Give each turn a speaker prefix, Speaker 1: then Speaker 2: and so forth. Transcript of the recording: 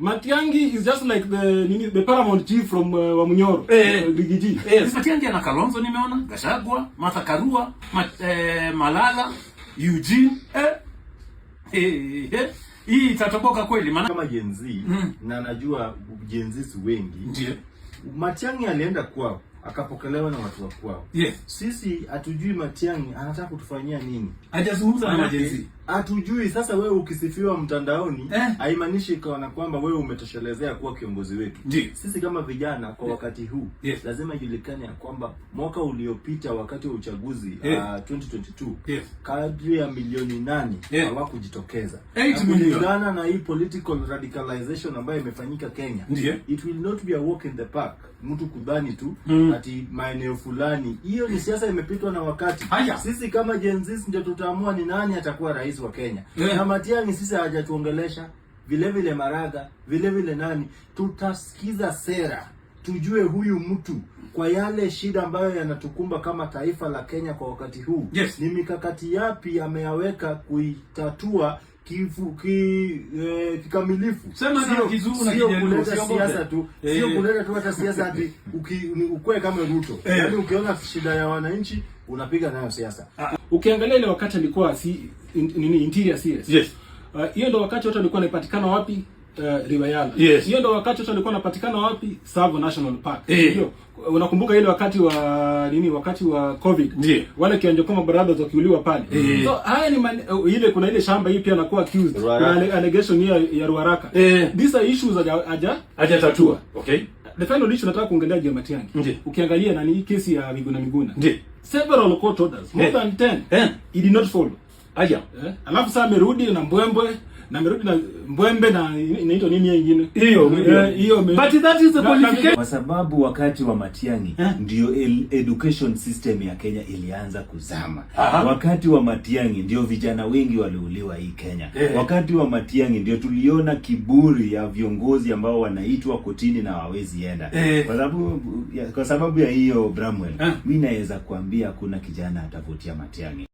Speaker 1: Matiangi is just like the the paramount chief from uh, Wamunyoro
Speaker 2: eh, uh, Ligiji. Eh, Matiangi ana Kalonzo nimeona, Gashagwa, Martha Karua, Mat, eh, Malala, Eugene eh, eh eh, eh. Hii itatoboka kweli maana
Speaker 3: kama Gen Z mm. na najua Gen Z wengi. Ndiyo. Matiangi alienda kwao akapokelewa na watu wa kwao. Yes. Sisi hatujui Matiangi anataka kutufanyia nini.
Speaker 2: Hajazungumza na majenzi
Speaker 3: hatujui. Sasa wewe ukisifiwa mtandaoni eh, haimaanishi kana kwamba wewe umetoshelezea kuwa kiongozi wetu. Sisi kama vijana kwa eh. wakati huu yes, lazima ijulikane ya kwamba mwaka uliopita wakati wa uchaguzi yes, uh, 2022 yes, kadri ya milioni nane eh. hawakujitokeza yes, kulingana na hii political radicalization ambayo imefanyika Kenya Ndiye. It will not be a walk in the park mtu kudhani tu mm, ati maeneo fulani, hiyo ni siasa imepitwa na wakati. Haya, sisi kama Gen Z ndio tutaamua ni nani atakuwa rais rais wa Kenya yeah. Na Matiang'i sisi hawajatuongelesha vile vile, Maraga vile vile nani, tutasikiza sera tujue huyu mtu kwa yale shida ambayo yanatukumba kama taifa la Kenya kwa wakati huu yes. Ni mikakati yapi ameyaweka kuitatua kifu ki, e, kikamilifu, sio kuleta siasa tu, eh. sio kuleta tu hata siasa hadi ukue kama Ruto eh. yaani, ukiona shida ya wananchi unapiga nayo siasa.
Speaker 2: Ah.
Speaker 1: Ukiangalia ile wakati alikuwa si in, in, in interior CS. Yes. Hiyo uh, ndo wakati wote alikuwa anapatikana wapi? Uh, Riwayana. Yes. Hiyo ndo wakati wote alikuwa anapatikana wapi? Tsavo National Park. Ndio. Eh. Unakumbuka ile wakati wa nini, wakati wa COVID. Yeah. Wale kiwanja kama brothers wakiuliwa pale. Eh. So haya ni mani, uh, ile kuna ile shamba hii pia anakuwa accused. Na ale, allegation ya, ya Ruaraka. Eh. These are issues aja aja
Speaker 2: aja tatua. Okay.
Speaker 1: The final issue nataka kuongelea Jema Tiangi. Ndiye. Ukiangalia nani kesi ya Miguna Miguna. Ndiye. Several court orders, more eh. than 10. Eh. It did not follow. Aya. Eh? Alafu sasa amerudi na mbwembwe na amerudi na mbwembe na inaitwa nini nyingine? Eh, hiyo hiyo.
Speaker 2: But that is the qualification.
Speaker 3: Kwa sababu wakati wa Matiang'i eh? Ndio education system ya Kenya ilianza kuzama. Aha. Wakati wa Matiang'i ndio vijana wengi waliuliwa hii Kenya. Eh. Wakati wa Matiang'i ndio tuliona kiburi ya viongozi ambao wanaitwa kotini na hawawezi enda. Eh. Kwa sababu kwa sababu ya hiyo Bramwell, eh? Mimi naweza kuambia kuna kijana atavutia Matiang'i.